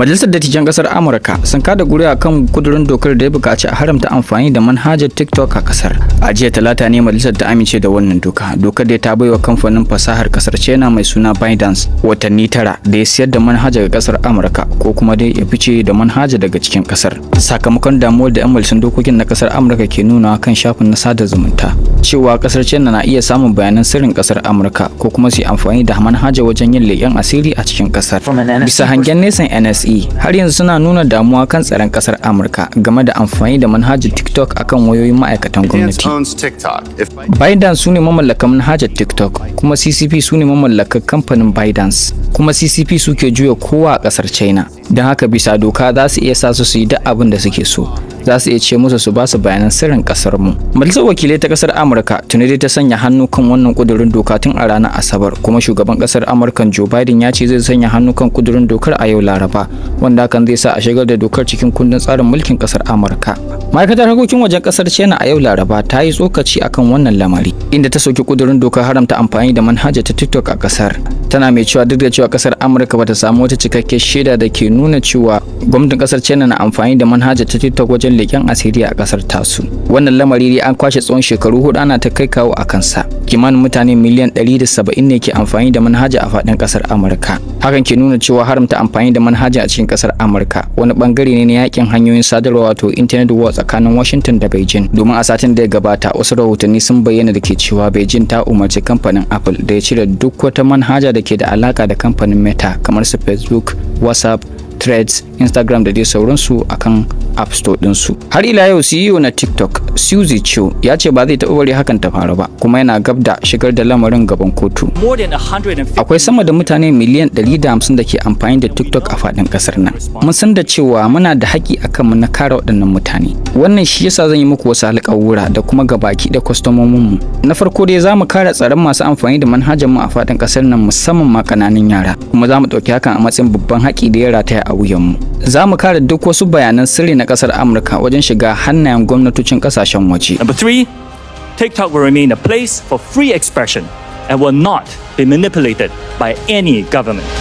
Majalisar Dattijan Kasar Amurka sun kada guri'a kan kudurin dokar da ya buƙaci a haramta amfani da manhajar TikTok a kasar. A jiya talata ne majalisar ta amince da wannan doka. Dokar da ta baiwa kamfanin fasahar kasar China mai suna Binance watanni tara da ya siyar da manhajar kasar Amurka ko kuma dai ya fice da manhaja daga cikin kasar. Sakamakon damuwar da 'yan majalisar dokokin na kasar Amurka ke nuna kan shafin na sada zumunta cewa kasar China na iya samun bayanan sirrin kasar Amurka ko kuma su yi amfani da manhajar wajen yin leƙen asiri a cikin kasar. Bisa hangen nesan NSA e, Jami'i har yanzu suna nuna damuwa kan tsaron kasar Amurka game da amfani da manhajar TikTok akan wayoyin ma'aikatan gwamnati. Biden su ne mamallakan manhajar TikTok kuma CCP su ne mamallakan kamfanin Bidens kuma CCP suke juya kowa a kasar China. Don haka bisa doka za su iya sa su yi duk abin da suke so. za su iya ce musu su ba su bayanan sirrin kasar mu majalisar wakilai ta kasar amurka tuni dai ta sanya hannu kan wannan kudurin doka tun a ranar asabar kuma shugaban kasar amurka joe biden ya ce zai sanya hannu kan kudurin dokar a yau laraba wanda hakan zai sa a shigar da dokar cikin kundin tsarin mulkin kasar amurka ma'aikatar harkokin wajen kasar china a yau laraba ta yi tsokaci akan wannan lamari inda ta soki kudurin dokar haramta amfani da manhaja ta tiktok a kasar tana mai cewa duk da cewa kasar amurka bata samu wata cikakkiyar shaida da ke nuna cewa gwamnatin kasar china na amfani da manhaja ta tiktok wajen ofishin leƙen asiri a ƙasar tasu wannan lamari dai an kwashe tsawon shekaru hudu ana ta kai kawo a kansa kimanin mutane miliyan 170 ne ke amfani da manhaja a fadin kasar amurka hakan ke nuna cewa haramta amfani da manhaja a cikin kasar amurka wani bangare ne na yakin hanyoyin sadarwa wato internet war tsakanin washington da beijing domin a satin da ya gabata wasu rahotanni sun bayyana da ke cewa beijing ta umarci kamfanin apple da ya cire duk wata manhaja da ke da alaka da kamfanin meta kamar su facebook whatsapp threads instagram da dai sauransu akan app store ɗinsu har ila yau ceo na tiktok Suzy Chu ya ce ba zai taɓa bari hakan ta faru ba kuma yana gab da shigar da lamarin gaban kotu. Akwai sama da mutane miliyan 150 da ke amfani da TikTok a faɗin ƙasar nan. Mun san da cewa muna da haƙƙi a kanmu na kare waɗannan mutane. Wannan shi yasa zan yi muku wasu alƙawura da kuma ga baki da kwastomomin mu. Na farko dai za mu kare tsaron masu amfani da manhajar mu a faɗin ƙasar nan musamman ma ƙananan yara kuma za mu ɗauki hakan a matsayin babban haƙƙi da ya rataya a wuyanmu. Za mu kare duk wasu bayanan sirri na ƙasar Amurka wajen shiga hannayen gwamnatocin ƙasa Number three, TikTok will remain a place for free expression and will not be manipulated by any government.